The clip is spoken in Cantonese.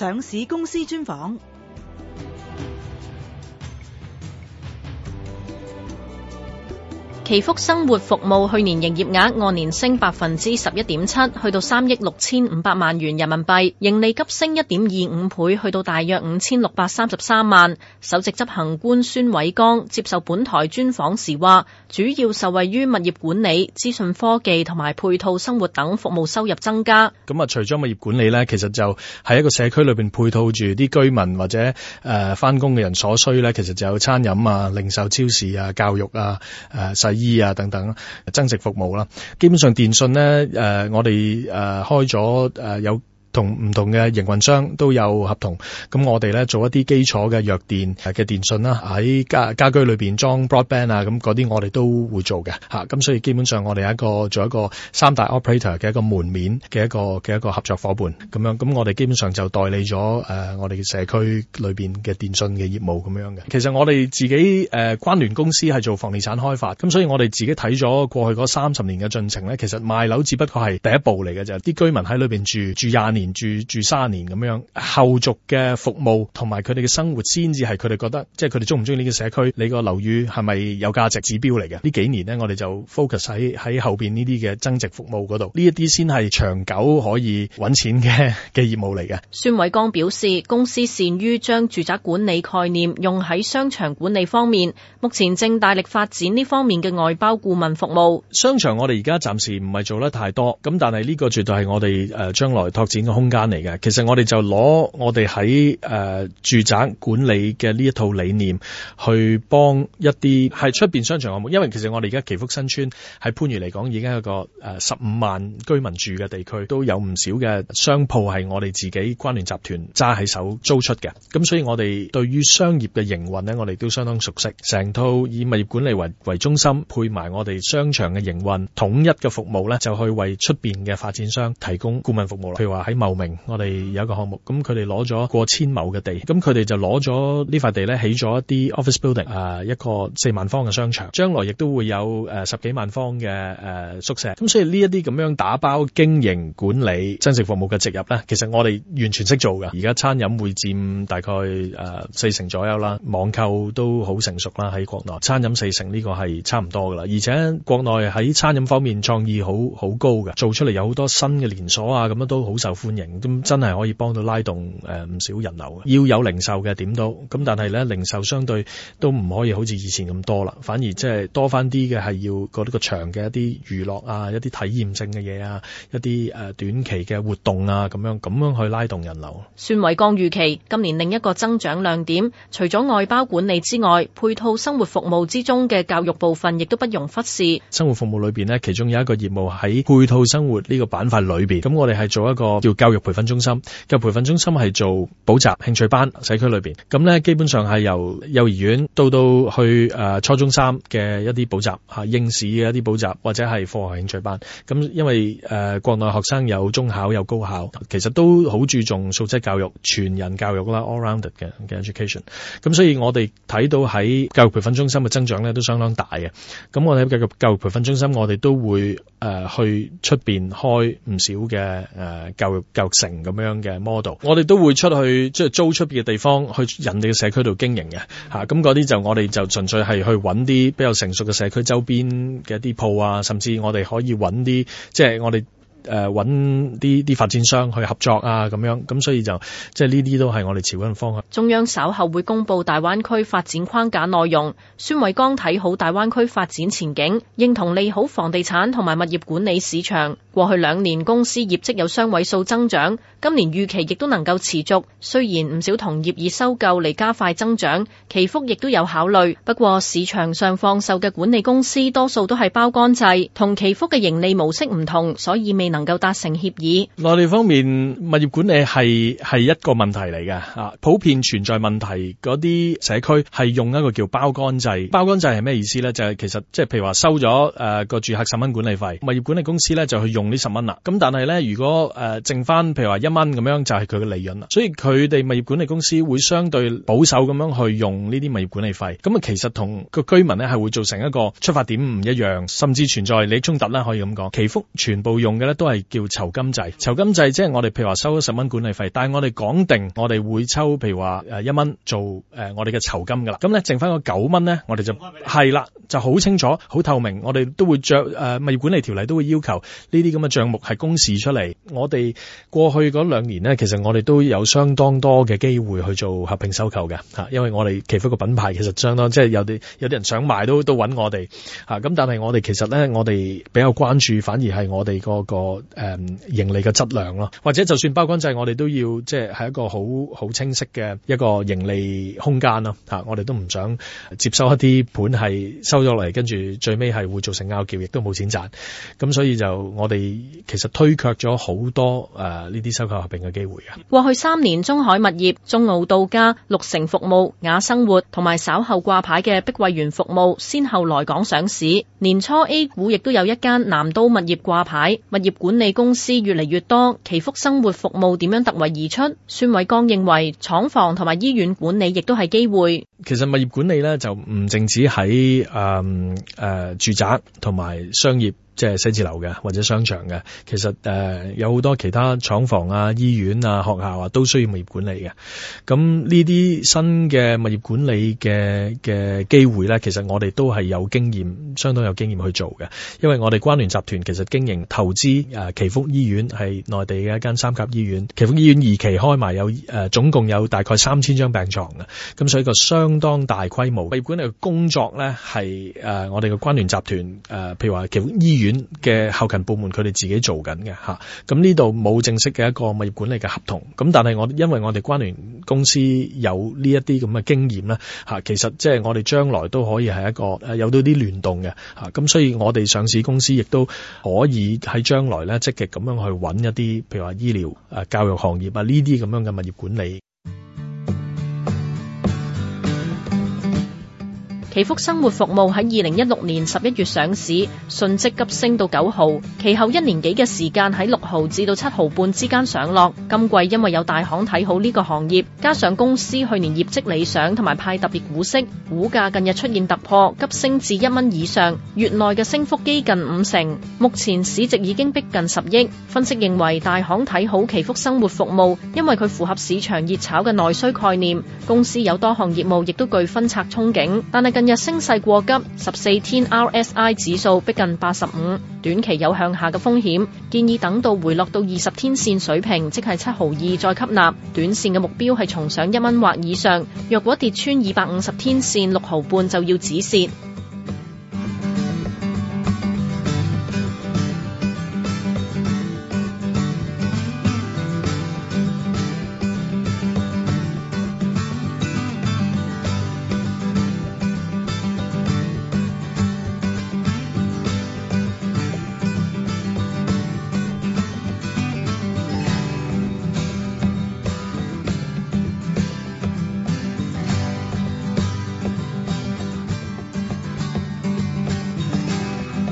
上市公司專訪。祈福生活服務去年營業額按年升百分之十一點七，去到三億六千五百萬元人民幣，盈利急升一點二五倍，去到大約五千六百三十三萬。首席執行官孫偉剛接受本台專訪時話，主要受惠於物業管理、資訊科技同埋配套生活等服務收入增加。咁啊，除咗物業管理呢，其實就喺一個社區裏邊配套住啲居民或者誒翻工嘅人所需呢，其實就有餐飲啊、零售超市啊、教育啊、誒細。醫啊等等增值服務啦，基本上電信咧誒、呃，我哋誒、呃、開咗誒、呃、有。同唔同嘅營運商都有合同，咁我哋咧做一啲基礎嘅弱電嘅、啊、電信啦，喺家家居裏邊裝 Broadband 啊，咁嗰啲我哋都會做嘅嚇。咁、啊、所以基本上我哋一個做一個三大 operator 嘅一個門面嘅一個嘅一個合作夥伴咁樣，咁我哋基本上就代理咗誒、啊、我哋嘅社區裏邊嘅電信嘅業務咁樣嘅。其實我哋自己誒、啊、關聯公司係做房地產開發，咁所以我哋自己睇咗過去嗰三十年嘅進程咧，其實賣樓只不過係第一步嚟嘅啫，啲居民喺裏邊住住廿年。連住住三年咁樣，後續嘅服務同埋佢哋嘅生活先至係佢哋覺得，即係佢哋中唔中意呢個社區，你個樓宇係咪有價值指標嚟嘅？呢幾年呢，我哋就 focus 喺喺後邊呢啲嘅增值服務嗰度，呢一啲先係長久可以搵錢嘅嘅業務嚟嘅。孫偉剛表示，公司善於將住宅管理概念用喺商場管理方面，目前正大力發展呢方面嘅外包顧問服務。商場我哋而家暫時唔係做得太多，咁但係呢個絕對係我哋誒將來拓展。空間嚟嘅，其實我哋就攞我哋喺、呃、住宅管理嘅呢一套理念，去幫一啲喺出邊商場項目。因為其實我哋而家祈福新村喺番禺嚟講，已經有一個誒十五萬居民住嘅地區，都有唔少嘅商鋪係我哋自己關聯集團揸喺手租出嘅。咁所以我哋對於商業嘅營運呢，我哋都相當熟悉。成套以物業管理為，為中心，配埋我哋商場嘅營運統一嘅服務呢，就去為出邊嘅發展商提供顧問服務。譬如話喺茂名，我哋有一個項目，咁佢哋攞咗過千畝嘅地，咁佢哋就攞咗呢塊地呢，起咗一啲 office building，啊、呃、一個四萬方嘅商場，將來亦都會有誒、呃、十幾萬方嘅誒、呃、宿舍，咁所以呢一啲咁樣打包經營管理增值服務嘅植入呢，其實我哋完全識做嘅。而家餐飲會佔大概誒、呃、四成左右啦，網購都好成熟啦喺國內，餐飲四成呢個係差唔多噶啦，而且國內喺餐飲方面創意好好高嘅，做出嚟有好多新嘅連鎖啊，咁樣都好受歡。營咁真係可以幫到拉動誒唔少人流嘅，要有零售嘅，點都咁，但係呢，零售相對都唔可以好似以前咁多啦，反而即係多翻啲嘅係要嗰啲個長嘅一啲娛樂啊，一啲體驗性嘅嘢啊，一啲誒短期嘅活動啊，咁樣咁樣去拉動人流。孫偉剛預期今年另一個增長亮點，除咗外包管理之外，配套生活服務之中嘅教育部分，亦都不容忽視。生活服務裏邊呢，其中有一個業務喺配套生活呢個板塊裏邊，咁我哋係做一個叫。教育培訓中心，教育培訓中心係做補習興趣班，社區裏面。咁咧，基本上係由幼兒園到到去初中三嘅一啲補習應試嘅一啲補習或者係課外興趣班。咁因為、呃、國內學生有中考有高考，其實都好注重素質教育、全人教育啦，all round 嘅嘅 education。咁所以我哋睇到喺教育培訓中心嘅增長咧都相當大嘅。咁我哋喺教育教育培訓中心，我哋都會、呃、去出面開唔少嘅、呃、教育。教育城咁樣嘅 model，我哋都會出去即係、就是、租出邊嘅地方去人哋嘅社區度經營嘅吓，咁嗰啲就我哋就純粹係去揾啲比較成熟嘅社區周邊嘅一啲鋪啊，甚至我哋可以揾啲即係我哋。誒，揾啲啲發展商去合作啊，咁樣咁，所以就即係呢啲都係我哋朝緊方向。中央稍後會公布大灣區發展框架內容。孫偉剛睇好大灣區發展前景，認同利好房地產同埋物業管理市場。過去兩年公司業績有雙位數增長，今年預期亦都能夠持續。雖然唔少同業以收購嚟加快增長，祈福亦都有考慮。不過市場上放售嘅管理公司多數都係包乾制，同祈福嘅盈利模式唔同，所以未。能夠達成協議。內地方面，物業管理係係一個問題嚟嘅啊，普遍存在問題。嗰啲社區係用一個叫包乾制，包乾制係咩意思呢？就係、是、其實即係譬如話收咗誒個住客十蚊管理費，物業管理公司呢就去用呢十蚊啦。咁但係呢，如果誒、呃、剩翻譬如話一蚊咁樣，就係佢嘅利潤啦。所以佢哋物業管理公司會相對保守咁樣去用呢啲物業管理費。咁啊，其實同個居民呢係會造成一個出發點唔一樣，甚至存在你衝突呢，可以咁講，祈福全部用嘅呢。都係叫酬金制，酬金制即係我哋譬如話收咗十蚊管理費，但係我哋講定我哋會抽譬如話一蚊做我哋嘅酬金㗎啦，咁咧剩翻個九蚊咧，我哋就係啦，就好清楚、好透明，我哋都會著誒《物業管理條例》都會要求呢啲咁嘅帳目係公示出嚟。我哋過去嗰兩年咧，其實我哋都有相當多嘅機會去做合併收購嘅，因為我哋旗下個品牌其實相當即係有啲有啲人想賣都都揾我哋嚇，咁、啊、但係我哋其實咧，我哋比較關注反而係我哋嗰個。誒盈利嘅質量咯，或者就算包乾制，我哋都要即係係一個好好清晰嘅一個盈利空間啦吓，我哋都唔想接收一啲盤係收咗嚟，跟住最尾係會造成拗撬，亦都冇錢賺。咁所以就我哋其實推卻咗好多誒呢啲收購合併嘅機會嘅。過去三年，中海物業、中奧到家、綠城服務、雅生活同埋稍後掛牌嘅碧桂園服務先後來港上市。年初 A 股亦都有一間南都物業掛牌物業。管理公司越嚟越多，祈福生活服務點樣突圍而出？孫偉剛認為廠房同埋醫院管理亦都係機會。其實物業管理咧就唔淨止喺誒誒住宅同埋商業，即係寫字樓嘅或者商場嘅，其實誒、呃、有好多其他廠房啊、醫院啊、學校啊都需要物業管理嘅。咁呢啲新嘅物業管理嘅嘅機會咧，其實我哋都係有經驗，相當有經驗去做嘅。因為我哋關聯集團其實經營投資誒、呃、祈福醫院係內地嘅一間三甲醫院，祈福醫院二期開埋有誒、呃、總共有大概三千張病床嘅，咁、嗯、所以個商相當大規模物業管理工作呢，係誒我哋嘅關聯集團誒，譬如話叫醫院嘅後勤部門，佢哋自己做緊嘅吓，咁呢度冇正式嘅一個物業管理嘅合同，咁但係我因為我哋關聯公司有呢一啲咁嘅經驗咧吓，其實即係我哋將來都可以係一個有到啲聯動嘅吓，咁所以我哋上市公司亦都可以喺將來呢積極咁樣去揾一啲譬如話醫療誒教育行業啊呢啲咁樣嘅物業管理。祈福生活服務喺二零一六年十一月上市，瞬即急升到九毫，其後一年幾嘅時間喺六毫至到七毫半之間上落。今季因為有大行睇好呢個行業，加上公司去年業績理想同埋派特別股息，股價近日出現突破，急升至一蚊以上。月內嘅升幅幾近五成，目前市值已經逼近十億。分析認為大行睇好祈福生活服務，因為佢符合市場熱炒嘅內需概念，公司有多項業務亦都具分拆憧憬，但係。近日升勢過急，十四天 RSI 指數逼近八十五，短期有向下嘅風險，建議等到回落到二十天線水平，即係七毫二再吸納。短線嘅目標係重上一蚊或以上。若果跌穿二百五十天線，六毫半就要止蝕。